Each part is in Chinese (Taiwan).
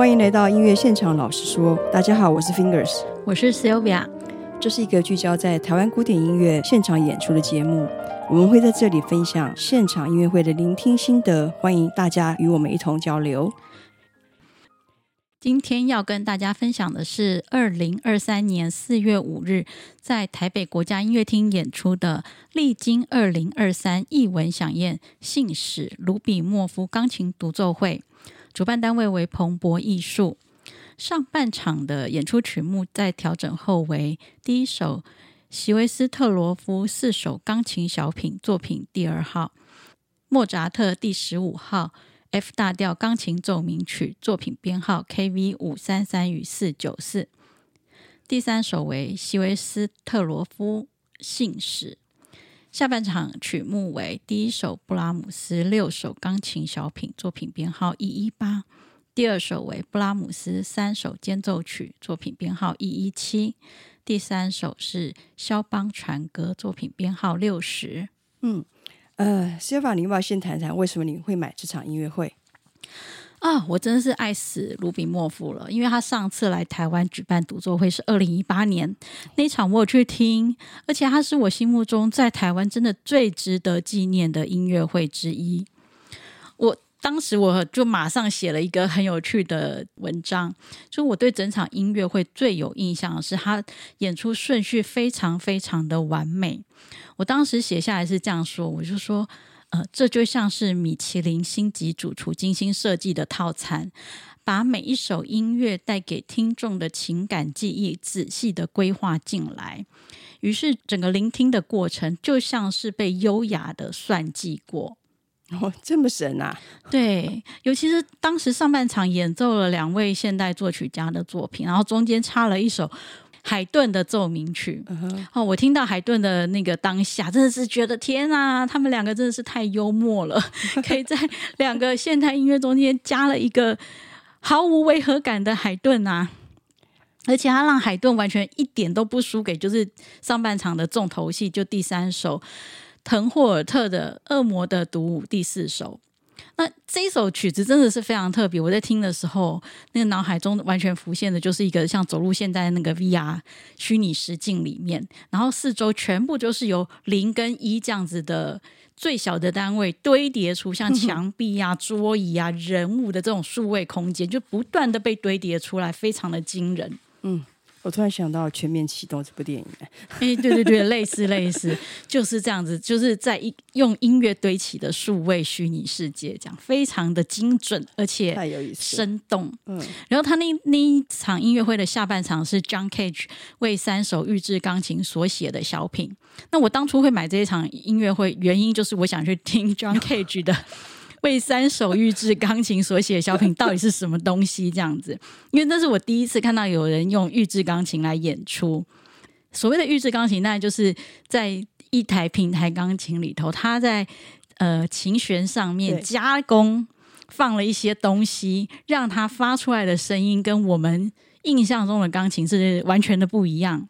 歡迎來到音樂現場，老實說，大家好，我是 Fingers，我是 Sylvia，這是一個聚焦在台灣古典音樂現場演出的節目，我們會在這裡分享現場音樂會的聆聽心得，歡迎大家與我們一同交流。今天要跟大家分享的是二零二三年四月五日，在台北國家音樂廳演出的力晶二零二三藝文饗宴信使盧比莫夫鋼琴獨奏會。主辦單位為鵬博藝術。上半場的演出曲目在調整後為：第一首席維斯特羅夫四首鋼琴小品作品第二號，莫扎特第十五號 F 大調鋼琴奏鳴曲作品編號 KV 五三三與四九四。第三首為席維斯特羅夫信使。下半場曲目為第一首布拉姆斯六首鋼琴小品作品編號一一八，第二首為布拉姆斯三首間奏曲作品編號一一七，第三首是肖邦船歌作品編號六十。嗯，呃，先科您，尼保先談談為什麼您會買這場音樂會。啊，我真的是愛死魯比莫夫了，因為他上次來台灣舉辦獨奏會是二零一八年那一場，我有去聽，而且他是我心目中在台灣真的最值得紀念的音樂會之一。我當時我就馬上寫了一個很有趣的文章，就我對整場音樂會最有印象的是他演出順序非常非常的完美。我當時寫下來是這樣說，我就說。呃，這就像是米其林星級主廚精心設計的套餐，把每一首音樂帶給聽眾的情感記憶仔細的規劃進來，於是整個聆聽的過程就像是被優雅的算計過。哦，這麼神啊！對，尤其是當時上半場演奏了兩位現代作曲家的作品，然後中間插了一首。海頓的奏鳴曲、uh -huh. 哦，我聽到海頓的那個當下，真的是覺得天啊，他們兩個真的是太幽默了， 可以在兩個現代音樂中間加了一個毫無違和感的海頓啊，而且他讓海頓完全一點都不輸給，就是上半場的重頭戲，就第三首滕霍爾特的《惡魔的獨舞》，第四首。那這一首曲子真的是非常特別，我在聽的時候，那個腦海中完全浮現的就是一個像走路現在那個 VR 虛擬實境裡面，然後四周全部就是由零跟一這樣子的最小的單位堆疊出像牆壁呀、啊、桌椅啊、人物的這種數位空間，就不斷的被堆疊出來，非常的驚人。嗯。我突然想到《全面啟動》這部電影，哎、 欸，對對對，類似類似，就是這樣子，就是在一用音樂堆起的數位虛擬世界，這樣非常的精準，而且太有意思，生動。嗯，然後他那那一場音樂會的下半場是 John Cage 為三首預制鋼琴所寫的小品。那我當初會買這一場音樂會，原因就是我想去聽 John Cage 的。 為三首預製鋼琴所寫的小品到底是什麼東西？這樣子，因為那是我第一次看到有人用預製鋼琴來演出。所謂的預製鋼琴，那就是在一台平台鋼琴裡頭，他在呃琴弦上面加工，放了一些東西，讓它發出來的聲音跟我們印象中的鋼琴是完全的不一樣。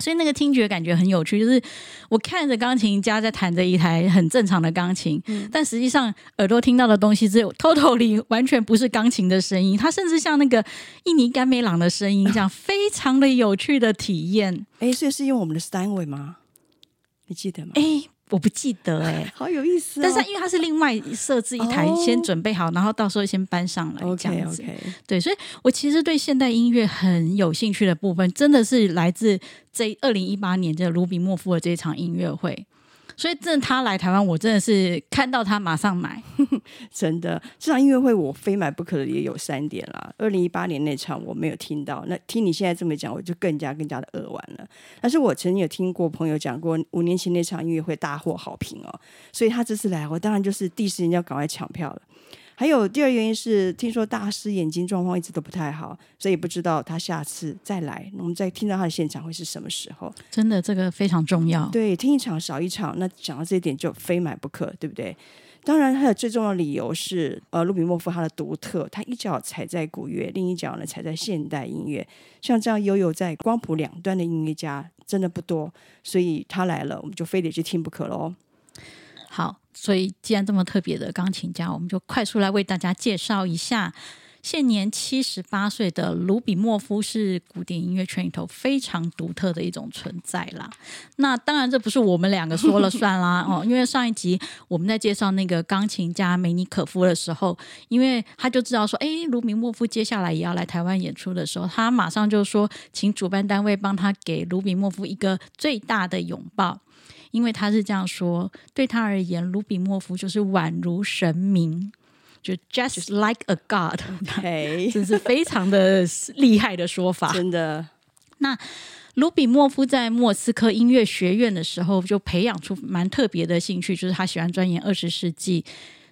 所以那個聽覺感覺很有趣，就是我看着鋼琴家在彈着一台很正常的鋼琴，嗯、但實際上耳朵聽到的東西只有 Totally 完全不是鋼琴的聲音，它甚至像那個印尼甘美朗的聲音一樣，啊，非常的有趣的體驗。哎，所以是用我們的 Steinway 嗎？你記得嗎？哎。我不記得哎、欸，好有意思、哦。但是因為它是另外設置一台，先準備好、哦，然後到時候先搬上來這樣子。Okay, okay。對，所以，我其實對現代音樂很有興趣的部分，真的是來自這二零一八年這魯比莫夫的這一場音樂會。所以，這他來台灣，我真的是看到他馬上買呵呵，真的。這場音樂會我非買不可的也有三點啦。二零一八年那場我沒有聽到，那聽你現在這麼講，我就更加更加的扼腕了。但是我曾經有聽過朋友講過，五年前那場音樂會大獲好評哦，所以他這次來，我當然就是第一時間要趕快搶票了。還有第二個原因是，聽說大師眼睛狀況一直都不太好，所以不知道他下次再來，我們再聽到他的現場會是什麼時候。真的，這個非常重要。嗯、對，聽一場少一場，那講到這一點就非買不可，對不對？當然，還有最重要的理由是，呃，魯比莫夫他的獨特，他一腳踩在古樂，另一腳呢踩在現代音樂，像這樣悠悠在光譜兩端的音樂家真的不多，所以他來了，我們就非得去聽不可嘍。好，所以既然這麼特別的鋼琴家，我們就快速來為大家介紹一下，現年七十八歲的魯比莫夫是古典音樂圈裡頭非常獨特的一種存在啦。那當然，這不是我們兩個說了算啦 哦，因為上一集我們在介紹那個鋼琴家梅尼可夫的時候，因為他就知道說，哎，魯比莫夫接下來也要來臺灣演出的時候，他馬上就說，請主辦單位幫他給魯比莫夫一個最大的擁抱。因為他是這樣說，對他而言，魯比莫夫就是宛如神明，就 just like a god。哎，真是非常的厲害的說法，真的。那魯比莫夫在莫斯科音樂學院的時候，就培養出蠻特別的興趣，就是他喜歡鑽研二十世紀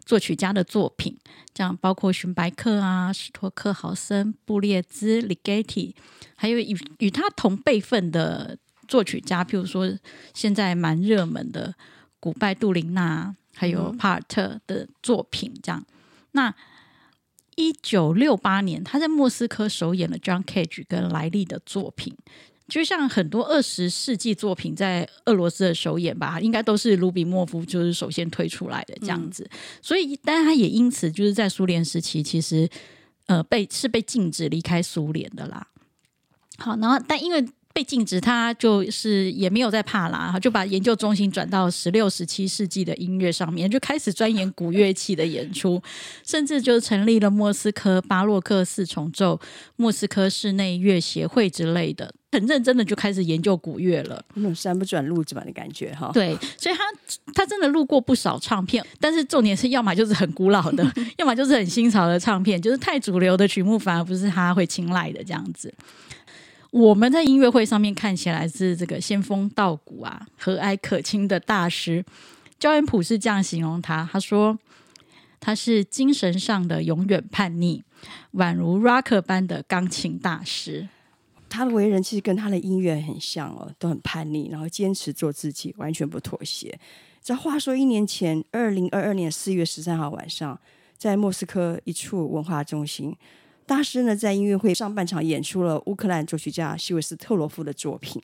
作曲家的作品，這樣，包括荀白克啊、史托克豪森、布列茲、李蓋提，還有與與他同輩分的作曲家，譬如說現在蠻熱門的古拜杜琳娜，還有帕爾特的作品，這樣。嗯、那一九六八年，他在莫斯科首演了 John Cage 跟萊利的作品，就像很多二十世紀作品在俄羅斯的首演吧，應該都是魯比莫夫就是首先推出來的這樣子。嗯、所以，但他也因此就是在蘇聯時期，其實呃被是被禁止離開蘇聯的啦。好，然後但因為。被禁止他，他就是也沒有在怕啦，就把研究中心轉到十六、十七世紀的音樂上面，就開始鑽研古樂器的演出，甚至就成立了莫斯科巴洛克四重奏、莫斯科室內樂協會之類的，很認真的就開始研究古樂了。那種山不轉路轉的感覺哈。對，所以他他真的錄過不少唱片，但是重點是，要麼就是很古老的， 要麼就是很新潮的唱片，就是太主流的曲目反而不是他會青睞的這樣子。我們在音樂會上面看起來是這個仙風道骨啊、和藹可親的大師。焦元溥是這樣形容他，他說他是精神上的永遠叛逆，宛如 Rocker 般的鋼琴大師。他的為人其實跟他的音樂很像哦，都很叛逆，然後堅持做自己，完全不妥協。這話說一年前，二零二二年四月十三號晚上，在莫斯科一處文化中心，大師呢，在音樂會上半場演出了烏克蘭作曲家希韋斯特羅夫的作品，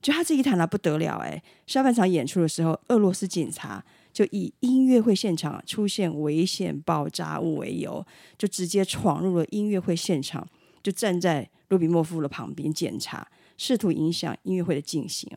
就他這一彈，啊，那不得了哎！下半場演出的時候，俄羅斯警察就以音樂會現場出現危險爆炸物為由，就直接闖入了音樂會現場，就站在魯比莫夫的旁邊檢查，試圖影響音樂會的進行。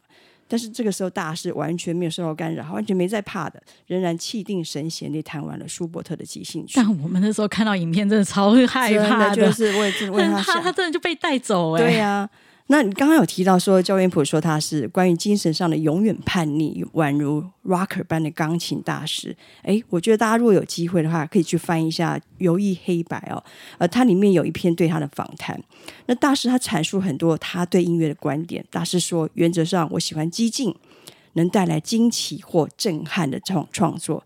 但是這個時候大師，大師完全沒有受到干擾，完全沒在怕的，仍然氣定神閒地彈完了舒伯特的即興曲。但我們那時候看到的影片，真的超害怕的。的就是，我也就是他但他他真的就被帶走哎、欸。對呀，啊。那你剛剛有提到說，焦元溥說他是關於精神上的永遠叛逆，宛如 rocker 般的鋼琴大師。哎，我覺得大家如果有機會的話，可以去翻一下《遊藝黑白》哦，呃，它裡面有一篇對他的訪談。那大師他闡述很多他對音樂的觀點。大師說，原則上我喜歡激進，能帶來驚奇或震撼的創創作。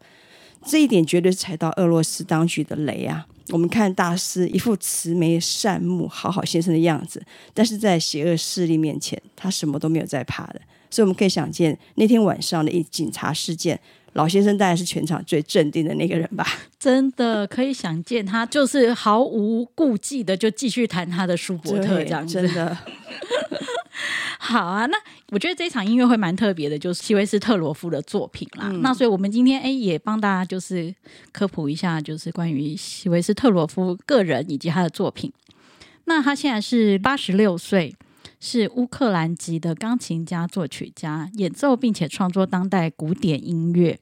這一點絕對是踩到俄羅斯當局的雷啊！我們看大師一副慈眉善目、好好先生的樣子，但是在邪惡勢力面前，他什麼都沒有在怕的。所以我們可以想見，那天晚上的一警察事件，老先生大概是全場最鎮定的那個人吧？真的可以想見他，他就是毫無顧忌的就繼續彈他的舒伯特，這樣子。真的， 好啊，那。我覺得這場音樂會蠻特別的，就是席維斯特羅夫的作品啦。嗯、那所以我們今天誒也幫大家就是科普一下，就是關於席維斯特羅夫個人以及他的作品。那他現在是八十六歲，是烏克蘭籍的鋼琴家、作曲家，演奏並且創作當代古典音樂。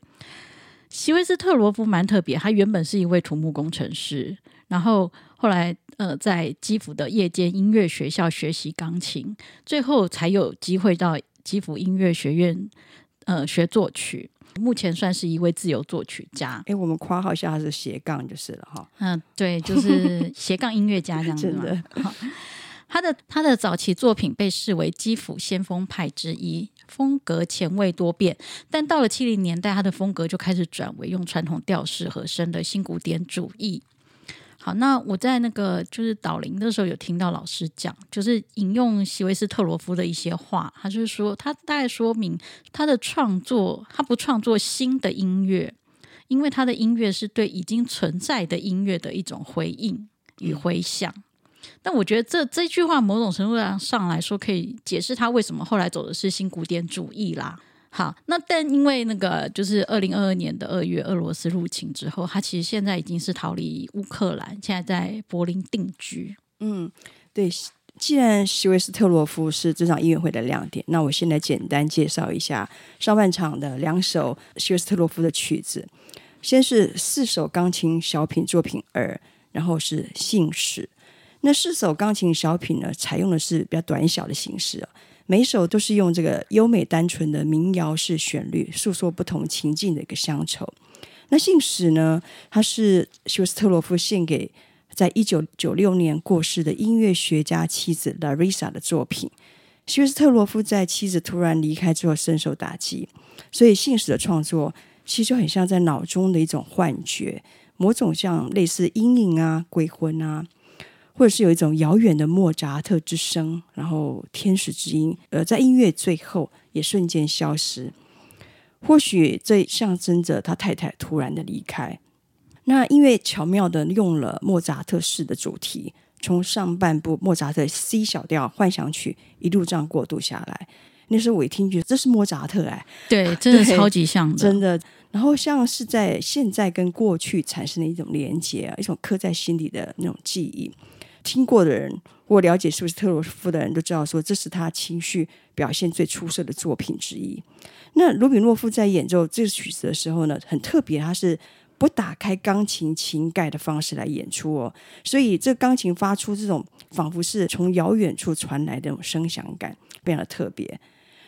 席維斯特羅夫蠻特別，他原本是一位土木工程師，然後後來。呃，在基輔的夜間音樂學校學習鋼琴，最後才有機會到基輔音樂學院呃學作曲。目前算是一位自由作曲家。誒，我們括號一下，他是斜槓就是了哈。嗯、哦呃，對，就是斜槓音樂家這樣子 真的。他的他的早期作品被視為基輔先鋒派之一，風格前衛多變。但到了七零年代，他的風格就開始轉為用傳統調式和聲的新古典主義。好，那我在那個就是導聆的時候有聽到老師講，就是引用席維斯特羅夫的一些話。他就是說他大概說明他的創作，他不創作新的音樂，因為他的音樂是對已經存在的音樂的一種回應與回響。嗯、但我覺得這這句話某種程度上來說，可以解釋他為什麼後來走的是新古典主義啦。好，那但因為那個就是二零二二年的二月，俄羅斯入侵之後，他其實現在已經是逃離烏克蘭，現在在柏林定居。嗯，對。既然席維斯特羅夫是這場音樂會的亮點，那我現在簡單介紹一下上半場的兩首席維斯特羅夫的曲子，先是四首鋼琴小品作品二，然後是信使。那四首鋼琴小品呢，採用的是比較短小的形式。每首都是用這個優美單純的民謠式旋律，訴說不同情境的一個鄉愁。那信使呢？它是席維斯特羅夫獻給在一九九六年過世的音樂學家妻子 Larisa 的作品。席維斯特羅夫在妻子突然離開之後深受打擊，所以信使的創作其實就很像在腦中的一種幻覺，某種像類似陰影啊、鬼魂啊。或者是有一種遙遠的莫扎特之聲，然後天使之音，呃，在音樂最後也瞬間消失。或許這象徵着他太太突然的離開。那音樂巧妙地用了莫扎特式的主題，從上半部莫扎特 C 小調幻想曲一路這樣過渡下來。那時候我一聽覺得這是莫扎特哎，對，真的超級像，真的。然後像是在現在跟過去產生的一種連接，一種刻在心裡的那種記憶。聽過的人或了解席維斯特羅夫的人都知道，說這是他情緒表現最出色的作品之一。那魯比莫夫在演奏這個曲子的時候呢，很特別，他是不打開鋼琴琴蓋的方式來演出哦，所以這鋼琴發出這種仿佛是從遙遠處傳來的那種聲響感，非常的特別。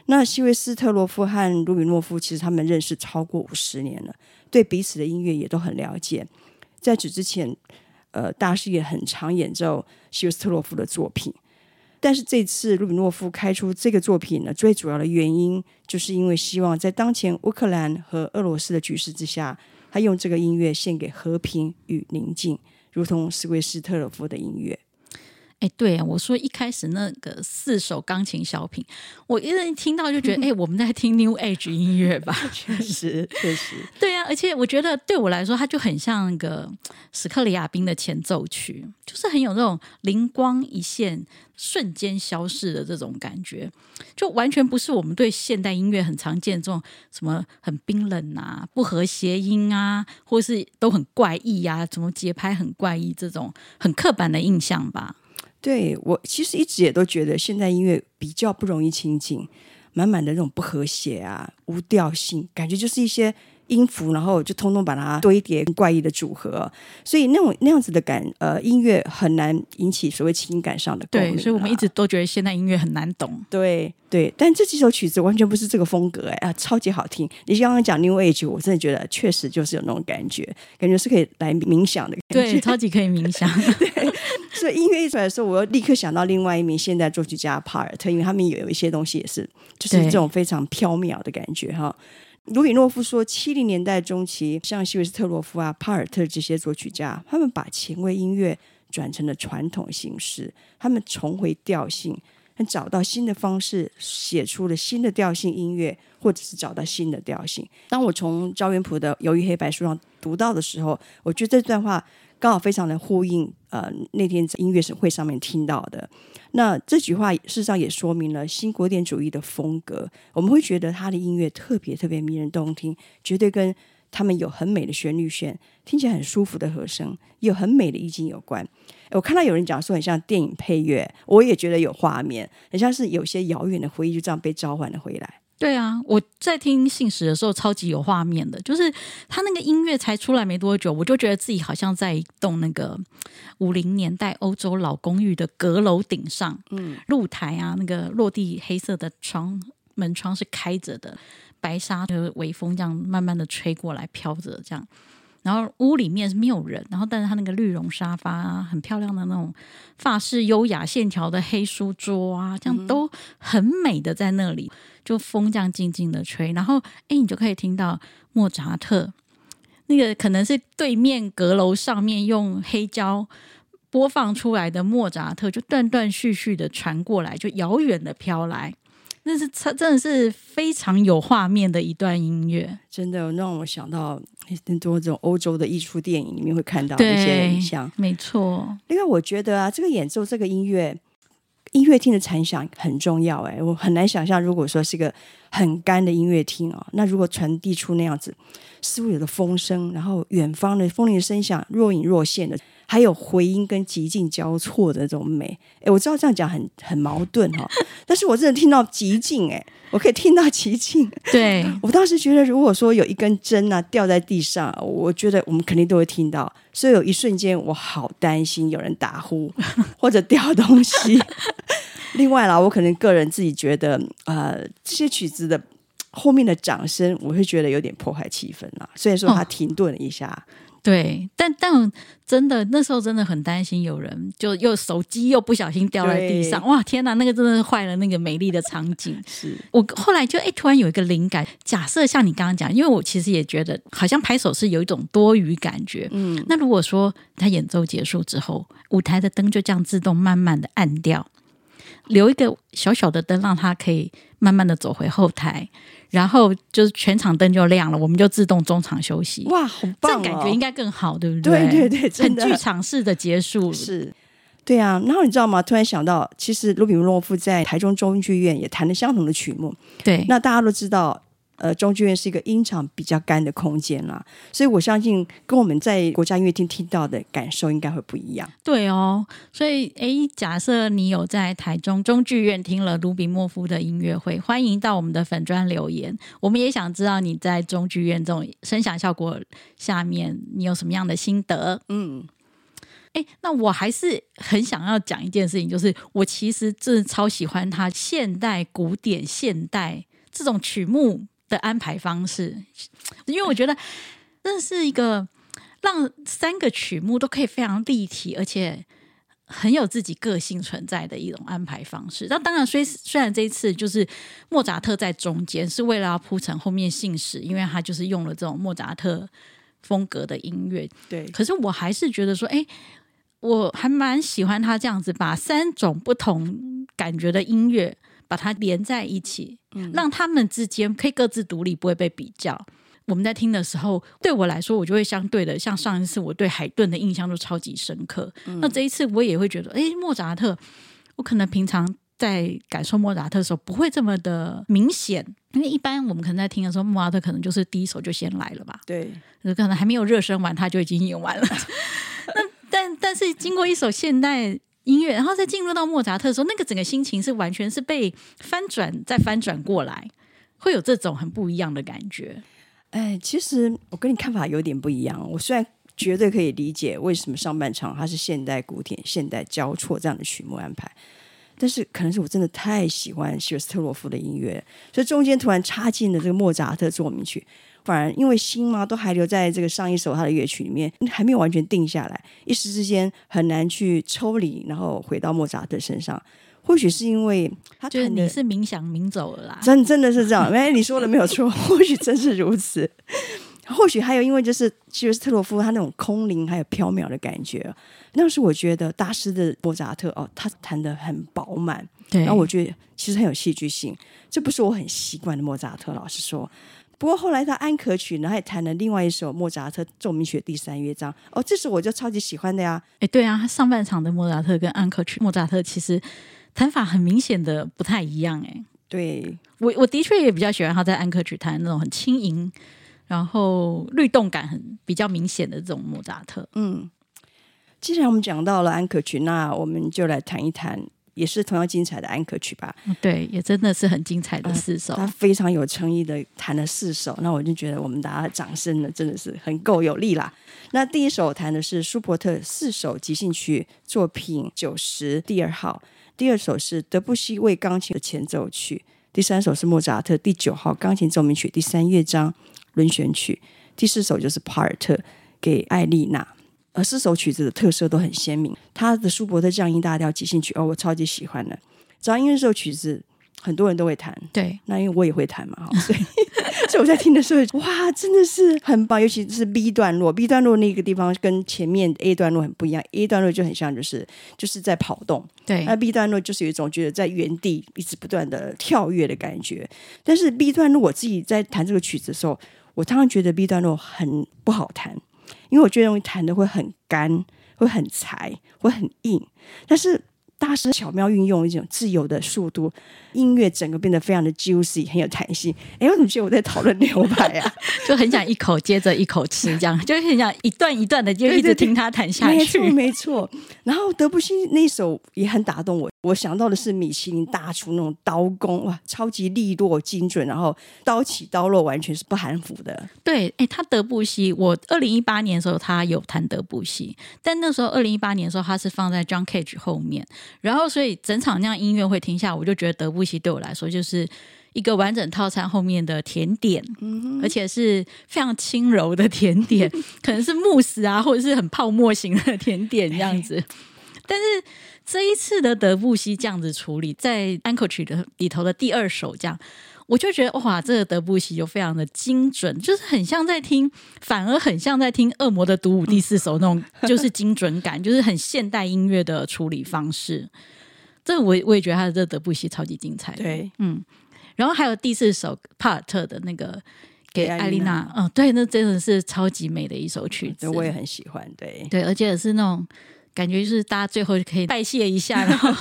那席維斯特羅夫和魯比莫夫其實他們認識超過五十年了，對彼此的音樂也都很了解。在此之前。呃，大師也很常演奏席維斯特羅夫的作品，但是這次魯比莫夫開出這個作品呢，最主要的原因，就是因為希望在當前烏克蘭和俄羅斯的局勢之下，他用這個音樂獻給和平與寧靜，如同席維斯特羅夫的音樂。哎、欸，對、啊，我說一開始那個四首鋼琴小品，我一人聽到就覺得，哎、嗯、欸，我們在聽 New Age 音樂吧？確實，確實，對呀、啊。而且我覺得對我來說，它就很像那個史克里亞賓的前奏曲，就是很有那種靈光一現、瞬間消逝的這種感覺，就完全不是我們對現代音樂很常見這種什麼很冰冷啊、不和諧音啊，或是都很怪異呀、啊、什麼節拍很怪異這種很刻板的印象吧。嗯對，我其實一直也都覺得，現在音樂比較不容易親近，滿滿的那種不和諧啊，無調性，感覺就是一些音符，然後就通通把它堆疊，怪異的組合，所以那種那樣子的感，呃，音樂很難引起所謂情感上的共鳴。對，所以我們一直都覺得現代音樂很難懂。對對，但這幾首曲子完全不是這個風格，欸，哎啊，超級好聽！你剛剛講 New Age，我真的覺得確實就是有那種感覺，感覺是可以來冥想的感覺。對，超級可以冥想。 對，所以音樂一出來的時候，我又立刻想到另外一名現代作曲家帕爾特，因為他們有有一些東西也是，就是這種非常飄渺的感覺哈。魯比莫夫說，七零年代中期，像席維斯特羅夫啊、帕爾特這些作曲家，他們把前衛音樂轉成了傳統形式，他們重回調性，找到新的方式，寫出了新的調性音樂，或者是找到新的調性。當我從焦元溥的《遊藝黑白》書上讀到的時候，我覺得這段話，剛好非常的呼應，呃，那天在音樂會上面聽到的。那這句話事實上也說明了新古典主義的風格。我們會覺得他的音樂特別特別迷人動聽，絕對跟他們有很美的旋律線，聽起來很舒服的和聲，有很美的意境有關。我看到有人講說很像電影配樂，我也覺得有畫面，很像是有些遙遠的回憶就這樣被召喚了回來。對啊，我在聽信使的時候超級有畫面的，就是他那個音樂才出來沒多久，我就覺得自己好像在一棟那個五零年代歐洲老公寓的閣樓頂上，嗯，露台啊，那個落地黑色的窗門窗是開着的，白紗就是微風這樣慢慢的吹過來，飄着這樣。然後屋裡面是沒有人，然後但是他那個綠絨沙發啊，很漂亮的那種法式優雅線條的黑書桌啊，這樣都很美的在那裡，就風這樣靜靜的吹，然後哎，你就可以聽到莫扎特，那個可能是對面閣樓上面用黑膠播放出來的莫扎特，就斷斷續續的傳過來，就遙遠的飄來。那是它真的是非常有畫面的一段音樂，真的讓我想到很多這種歐洲的藝術電影裡面會看到一些影像，沒錯。因為我覺得啊，這個演奏這個音樂，音樂廳的殘響很重要，欸。哎，我很難想象，如果說是個很乾的音樂廳啊，那如果傳遞出那樣子，似乎有個風聲，然後遠方的風鈴的聲響若隱若現的。還有回音跟寂靜交錯的這種美，哎，我知道這樣講很很矛盾哈、哦，但是我真的聽到寂靜，哎，我可以聽到寂靜。對，我當時覺得，如果說有一根針啊掉在地上，我覺得我們肯定都會聽到，所以有一瞬間我好擔心有人打呼或者掉東西。 另外啦，我可能個人自己覺得，呃，這些曲子的後面的掌聲，我會覺得有點破壞氣氛了。雖然說他停頓了一下。哦對，但、但真的那時候真的很擔心有人就又手機又不小心掉在地上，哇天哪，那個真的是壞了那個美麗的場景。 是，我後來就哎、欸、突然有一個靈感，假設像你剛剛講，因為我其實也覺得好像拍手是有一種多餘感覺。嗯，那如果說他演奏結束之後，舞台的燈就這樣自動慢慢的暗掉。留一個小小的燈，讓他可以慢慢的走回後臺，然後就是全場燈就亮了，我們就自動中場休息。哇，好棒哦，這感覺應該更好，對不對？對對對，很劇場式的結束，是對啊。然後你知道嗎？突然想到，其實魯比莫夫在台中中興劇院也彈了相同的曲目。對，那大家都知道。呃，中劇院是一個音場比較乾的空間啦，所以我相信跟我們在國家音樂廳聽到的感受應該會不一樣。對哦，所以誒，假設你有在台中中劇院聽了魯比莫夫的音樂會，歡迎到我們的粉專留言，我們也想知道你在中劇院這種聲響效果下面，你有什麼樣的心得？嗯，誒，那我還是很想要講一件事情，就是我其實真的超喜歡他現代古典現代這種曲目的安排方式，因為我覺得那是一個讓三個曲目都可以非常立體，而且很有自己個性存在的一種安排方式。那當然雖，雖雖然這一次就是莫扎特在中間，是為了要鋪成後面信使，因為他就是用了這種莫扎特風格的音樂。對，可是我還是覺得說，哎、欸，我還蠻喜歡他這樣子把三種不同感覺的音樂把它連在一起。讓他們之間可以各自獨立，不會被比較。嗯。我們在聽的時候，對我來說，我就會相對的，像上一次我對海頓的印象就超級深刻。嗯。那這一次我也會覺得，誒，莫扎特，我可能平常在感受莫扎特的時候不會這麼的明顯，因為一般我們可能在聽的時候，莫扎特可能就是第一首就先來了吧。對，可能還沒有熱身完，他就已經演完了。 那但但是經過一首現代音樂，然後再進入到莫扎特的時候，那個整個心情是完全是被翻轉，再翻轉過來，會有這種很不一樣的感覺。哎，其實我跟你看法有點不一樣。我雖然絕對可以理解為什麼上半場它是現代古典、現代交錯這樣的曲目安排。但是可能是我真的太喜歡席維斯特羅夫的音樂，所以中間突然插進了這個莫扎特奏鳴曲，反而因為心嘛都還留在這個上一首他的樂曲裡面，還沒有完全定下來，一時之間很難去抽離，然後回到莫扎特身上。或許是因為他肯定，就是冥想冥走了啦，真真的是這樣。哎，你說的沒有錯，或許真是如此。 或許還有，因為就是席維斯特羅夫他那種空靈還有飄渺的感覺。那是我覺得大師的莫扎特哦，他彈得很飽滿，對。然後我覺得其實很有戲劇性，這不是我很習慣的莫扎特。老實說，不過後來他安可曲呢，然後也彈了另外一首莫扎特奏鳴曲第三樂章。哦，這首我就超級喜歡的呀。哎、欸，對啊，他上半場的莫扎特跟安可曲，莫扎特其實彈法很明顯的不太一樣，欸。哎，對我我的確也比較喜歡他在安可曲彈那種很輕盈，然後律動感很比較明顯的這種莫扎特，嗯。既然我們講到了安可曲，那我們就來談一談，也是同樣精彩的安可曲吧。嗯、對，也真的是很精彩的四首，嗯、他非常有誠意的彈了四首。那我就覺得我們大家掌聲呢真的是很夠有力啦。那第一首彈的是舒伯特四首即興曲作品九十第二號，第二首是德布西為鋼琴的前奏曲，第三首是莫扎特第九號鋼琴奏鳴曲第三樂章。輪旋曲，第四首就是帕爾特給艾莉娜，呃，四首曲子的特色都很鮮明。他的舒伯特降 E 大調即興曲哦，我超級喜歡的，主要因為這首曲子很多人都會彈，對，那因為我也會彈嘛，所以 所以我在聽的時候，哇，真的是很棒，尤其是 B 段落，B 段落那個地方跟前面 A 段落很不一樣，A 段落就很像就是就是在跑動，對，那 B 段落就是有一種覺得在原地一直不斷的跳躍的感覺，但是 B 段落我自己在彈這個曲子的時候。我常常覺得 B 段落很不好彈，因為我覺得容易彈的會很乾，會很柴，會很硬。但是大師巧妙運用一種自由的速度，音樂整個變得非常的 juicy，很有彈性。哎，我怎麼覺得我在討論牛排啊？ 就很想一口接着一口吃，這樣 就很想一段一段的，就一直聽他彈下去。對對對對。沒錯，沒錯。然後德布西那首也很打動我。我想到的是米其林大廚那種刀工哇，超級利落精準，然後刀起刀落完全是不含糊的。對，哎，他德布西，我二零一八年的時候他有彈德布西，但那時候二零一八年的時候他是放在 John Cage 後面，然後所以整場那樣音樂會聽下，我就覺得德布西對我來說就是一個完整套餐後面的甜點，嗯、而且是非常輕柔的甜點， 可能是慕斯啊，或者是很泡沫型的甜點這樣子，但是。這一次的德布西這樣子處理，在安可曲的裡頭的第二首這樣，我就覺得哇，這個德布西就非常的精準，就是很像在聽，反而很像在聽《惡魔的獨舞》第四首那種，就是精準感， 就是很現代音樂的處理方式。這個我我也覺得他的這個德布西超級精彩，對，嗯。然後還有第四首帕爾特的那個給艾麗娜，嗯，對，那真的是超級美的一首曲子，哦、我也很喜歡，對，對，而且也是那種。感覺是大家最後可以拜謝一下，然後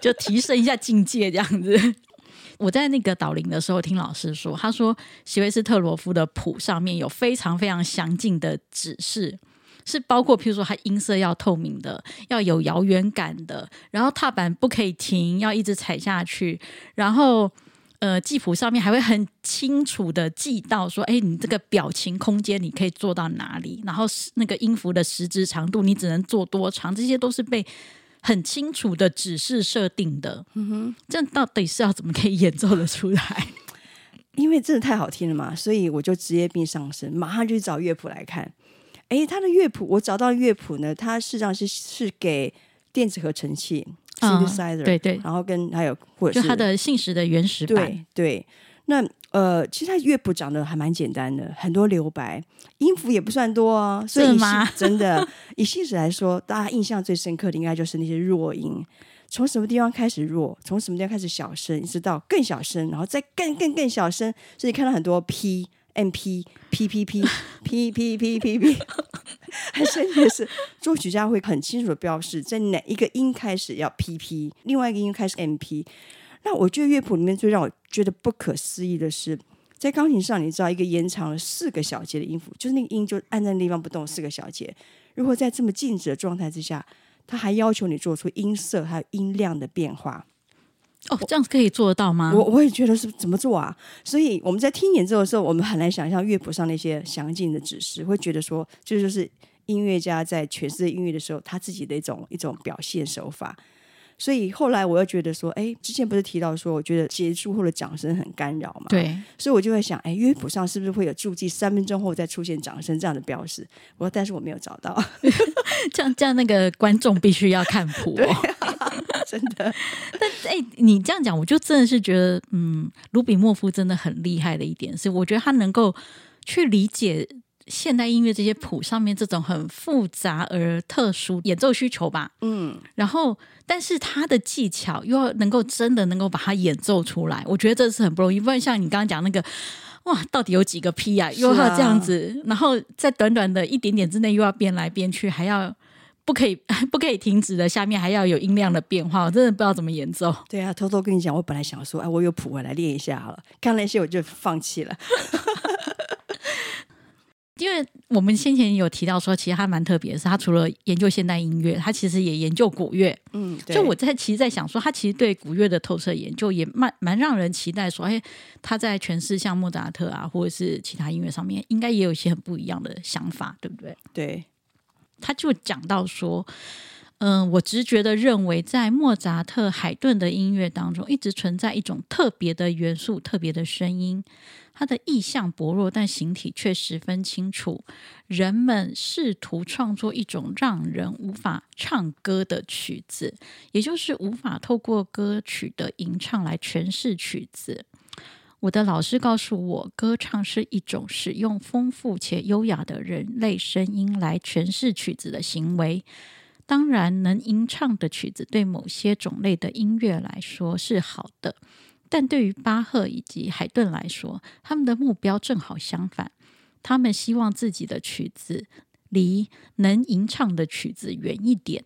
就提升一下境界這樣子。 我在那個導聆的時候聽老師說，他說席維斯特羅夫的譜上面有非常非常詳盡的指示，是包括譬如說，他音色要透明的，要有遙遠感的，然後踏板不可以停，要一直踩下去，然後。呃，記譜上面還會很清楚的記到說，哎，你這個表情空間你可以做到哪裡？然後那個音符的時值長度，你只能做多長？這些都是被很清楚的指示設定的。嗯哼，這樣到底是要怎麼可以演奏得出來？因為真的太好聽了嘛，所以我就職業病上身，馬上就去找樂譜來看。哎，他的樂譜，我找到樂譜呢，它實際上是是給電子合成器，e d e r 對對，然後跟還有或者是就他的信使的原始版，對對。那呃，其實他樂譜長得還蠻簡單的，很多留白，音符也不算多，啊、所以是真的， 以信使來說，大家印象最深刻的應該就是那些弱音，從什麼地方開始弱，從什麼地方開始小聲，一直到更小聲，然後再更更更小聲，所以看到很多 p。M P P P P P P P P， 還甚至是作曲家會很清楚的標示，在哪一個音開始要 P P，另外一個音開始 M P。那我覺得樂譜裡面最讓我覺得不可思議的是，在鋼琴上，你知道一個延長了四個小節的音符，就是那個音就按在那地方不動四個小節。如果在這麼靜止的狀態之下，他還要求你做出音色還有音量的變化。哦，這樣子可以做得到嗎？我我也覺得是怎麼做啊？所以我們在聽演奏的時候，我們很難想象樂譜上那些詳盡的指示，會覺得說，就，就是音樂家在詮釋音樂的時候，他自己的一種一種表現手法。所以後來我又覺得說，哎，之前不是提到說，我覺得結束後的掌聲很干擾嘛？對。所以我就會想，哎，樂譜上是不是會有注記，三分鐘後再出現掌聲這樣的標示？我說，但是我沒有找到。 這樣，這樣那個觀眾必須要看譜，哦。 真的 但，但、欸、哎，你這樣講，我就真的是覺得，嗯，魯比莫夫真的很厲害的一點是，我覺得他能夠去理解現代音樂這些譜上面這種很複雜而特殊演奏需求吧，嗯，然後，但是他的技巧又要能夠真的能夠把它演奏出來，我覺得這是很不容易。不然像你剛剛講那個，哇，到底有幾個 P 啊？又要這樣子，啊，然後在短短的一點點之內又要變來變去，還要。不可以，不可以停止的。下面還要有音量的變化，我真的不知道怎麼演奏。對啊，偷偷跟你講，我本來想說，哎，我有譜我來練一下好了。看了那些，我就放棄了。 因為我們先前有提到說，其實他蠻特別的是，他除了研究現代音樂，他其實也研究古樂。嗯，就我在，其實在想說，他其實對古樂的透徹研究也蠻蠻讓人期待。說，哎，他在詮釋像莫扎特啊，或者是其他音樂上面，應該也有一些很不一樣的想法，對不對？對。他就講到說：“嗯、呃，我直覺的認為，在莫扎特、海頓的音樂當中，一直存在一種特別的元素、特別的聲音。他的意象薄弱，但形體卻十分清楚。人們試圖創作一種讓人無法唱歌的曲子，也就是無法透過歌曲的吟唱來詮釋曲子。”我的老師告訴我，歌唱是一種使用豐富且優雅的人類聲音來詮釋曲子的行為。當然，能吟唱的曲子對某些種類的音樂來說是好的，但對於巴赫以及海頓來說，他們的目標正好相反。他們希望自己的曲子離能吟唱的曲子遠一點。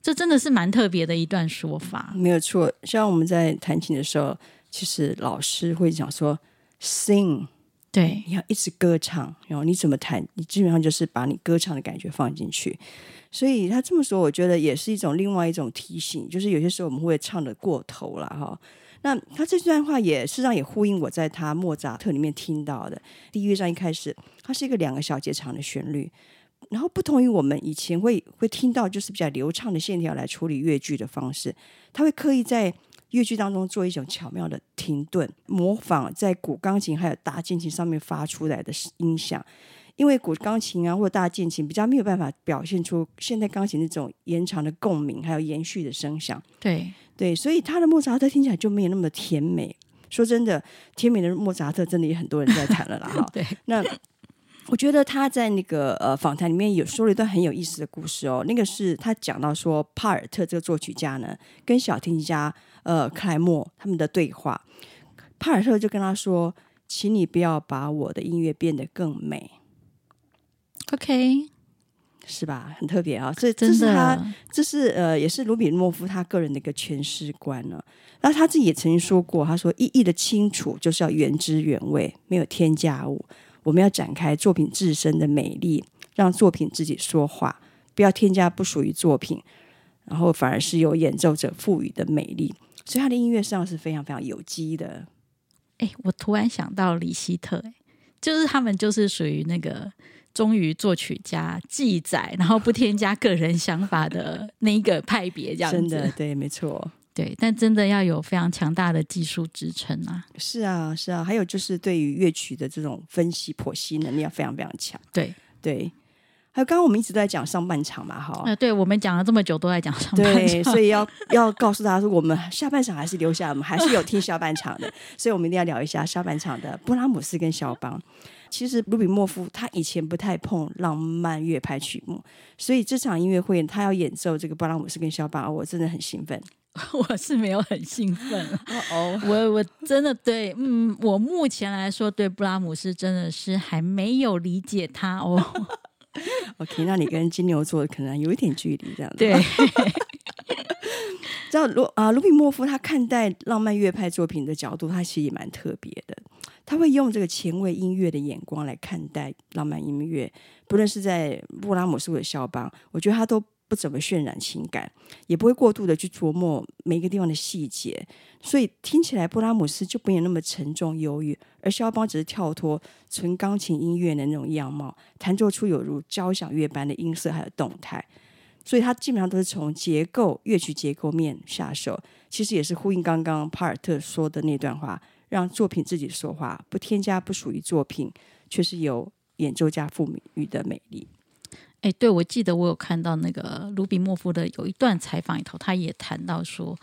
這真的是蠻特別的一段說法。沒有錯，像我們在彈琴的時候。其實老師會講說，sing，對，你要一直歌唱，然後你怎麼彈，你基本上就是把你歌唱的感覺放進去。所以他這麼說，我覺得也是一種另外一種提醒，就是有些時候我們會唱得過頭了哈。那他這段話也事實上也呼應我在他莫扎特裡面聽到的，第一樂章一開始，它是一個兩個小節長的旋律，然後不同於我們以前會會聽到就是比較流暢的線條來處理樂句的方式，他會刻意在。樂曲當中做一種巧妙的停頓，模仿在古鋼琴還有大鍵琴上面發出來的音響，因為古鋼琴啊或者大鍵琴比較沒有辦法表現出現代鋼琴那種延長的共鳴還有延續的聲響。對對，所以他的莫扎特聽起來就沒有那麼甜美。說真的，甜美的莫扎特真的也很多人在彈了啦。哈， 對，那我覺得他在那個呃訪談裡面有說了一段很有意思的故事哦。那個是他講到說帕爾特這個作曲家呢，跟小提琴家。呃，克萊默他們的對話，帕爾特就跟他說：“請你不要把我的音樂變得更美。” OK，是吧？很特別啊、哦！這這是他真這是呃，也是比魯比莫夫他個人的一個詮釋觀呢、啊。那他自己也曾經說過，他說：“意義的清楚就是要原汁原味，沒有添加物。我們要展開作品自身的美麗，讓作品自己說話，不要添加不屬於作品，然後反而是由演奏者賦予的美麗。”所以他的音樂上是非常非常有機的。哎、欸，我突然想到李希特，就是他們就是屬於那個忠於作曲家記載，然後不添加個人想法的那一個派別，這樣子。 真的，對，沒錯，對。但真的要有非常強大的技術支撐啊！是啊，是啊。還有就是對於樂曲的這種分析剖析能力要非常非常強。對對。還有，剛剛我們一直在講上半場嘛，哈。呃、對，我們講了這麼久都在講上半場，對，所以要 要告訴大家，說我們下半場還是留下，我們還是有聽下半場的， 所以我們一定要聊一下下半場的布拉姆斯跟肖邦。其實魯比莫夫他以前不太碰浪漫樂派曲目，所以這場音樂會他要演奏這個布拉姆斯跟肖邦，我真的很興奮。 我是沒有很興奮，哦， 我我真的對，嗯，我目前來說，對布拉姆斯真的是還沒有理解他哦。 OK，那你跟金牛座可能有一點距離，這樣子。 對 ，知道盧啊，魯比莫夫他看待浪漫樂派作品的角度，他其實也蠻特別的。他會用這個前衛音樂的眼光來看待浪漫音樂，不論是在布拉姆斯的肖邦，我覺得他都。不怎麼渲染情感，也不會過度的去琢磨每一個地方的細節，所以聽起來布拉姆斯就沒有那麼沉重憂鬱，而肖邦只是跳脫純鋼琴音樂的那種樣貌，彈奏出有如交響樂般的音色還有動態，所以他基本上都是從結構、樂曲結構面下手，其實也是呼應剛剛帕爾特說的那段話，讓作品自己說話，不添加不屬於作品，卻是有演奏家賦予的美麗。哎、欸，對，我記得我有看到那個魯比莫夫的有一段採訪裡頭，他也談到說，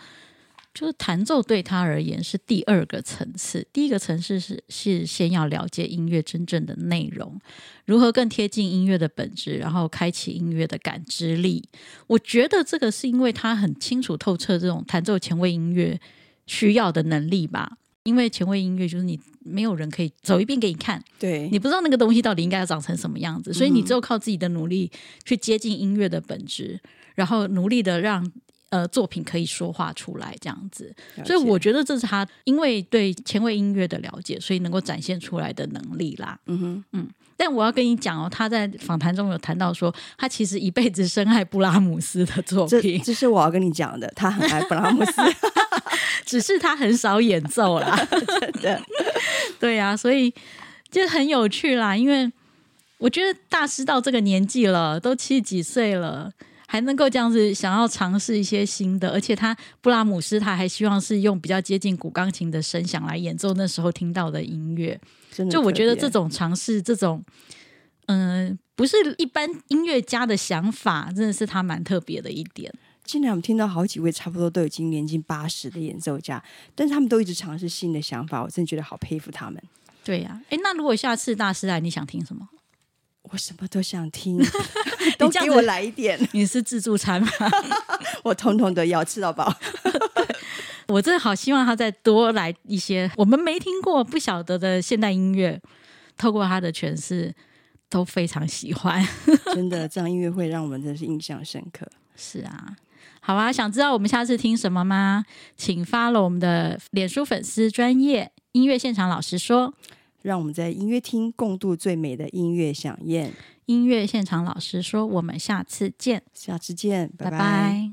就是彈奏對他而言是第二個層次，第一個層次是是先要了解音樂真正的內容，如何更貼近音樂的本質，然後開啟音樂的感知力。我覺得這個是因為他很清楚透徹這種彈奏前衛音樂需要的能力吧。因為前衛音樂就是你沒有人可以走一遍給你看，對，你不知道那個東西到底應該要長成什麼樣子，嗯，所以你只有靠自己的努力去接近音樂的本質，然後努力的讓呃作品可以說話出來這樣子。所以我覺得這是他因為對前衛音樂的了解，所以能夠展現出來的能力啦。嗯哼，嗯。但我要跟你講哦，他在訪談中有談到說，他其實一輩子深愛布拉姆斯的作品。這，這是我要跟你講的，他很愛布拉姆斯， 只是他很少演奏啦，真的 對呀、啊，所以就很有趣啦，因為我覺得大師到這個年紀了，都七十幾歲了。還能夠這樣子想要嘗試一些新的，而且他布拉姆斯他還希望是用比較接近古鋼琴的聲響來演奏那時候聽到的音樂。就我覺得這種嘗試，這種嗯、呃，不是一般音樂家的想法，真的是他蠻特別的一點。今天我們聽到好幾位差不多都已經年近八十的演奏家，但是他們都一直嘗試新的想法，我真的覺得好佩服他們。對呀、啊，誒、欸，那如果下次大師來，你想聽什麼？我什麼都想聽，都給我來一點。 你，你是自助餐嗎？ 我統統都要吃到飽。 我真的好希望他再多來一些我們沒聽過、不曉得的現代音樂，透過他的詮釋，都非常喜歡。 真的，這樣音樂會讓我們真的是印象深刻。 是啊，好啊，想知道我們下次聽什麼嗎？請 follow 我們的臉書粉絲專頁，音樂現場老實說。讓我們在音樂廳共度最美的音樂饗宴。音樂現場老實說：“我們下次見，下次見，拜拜。拜拜”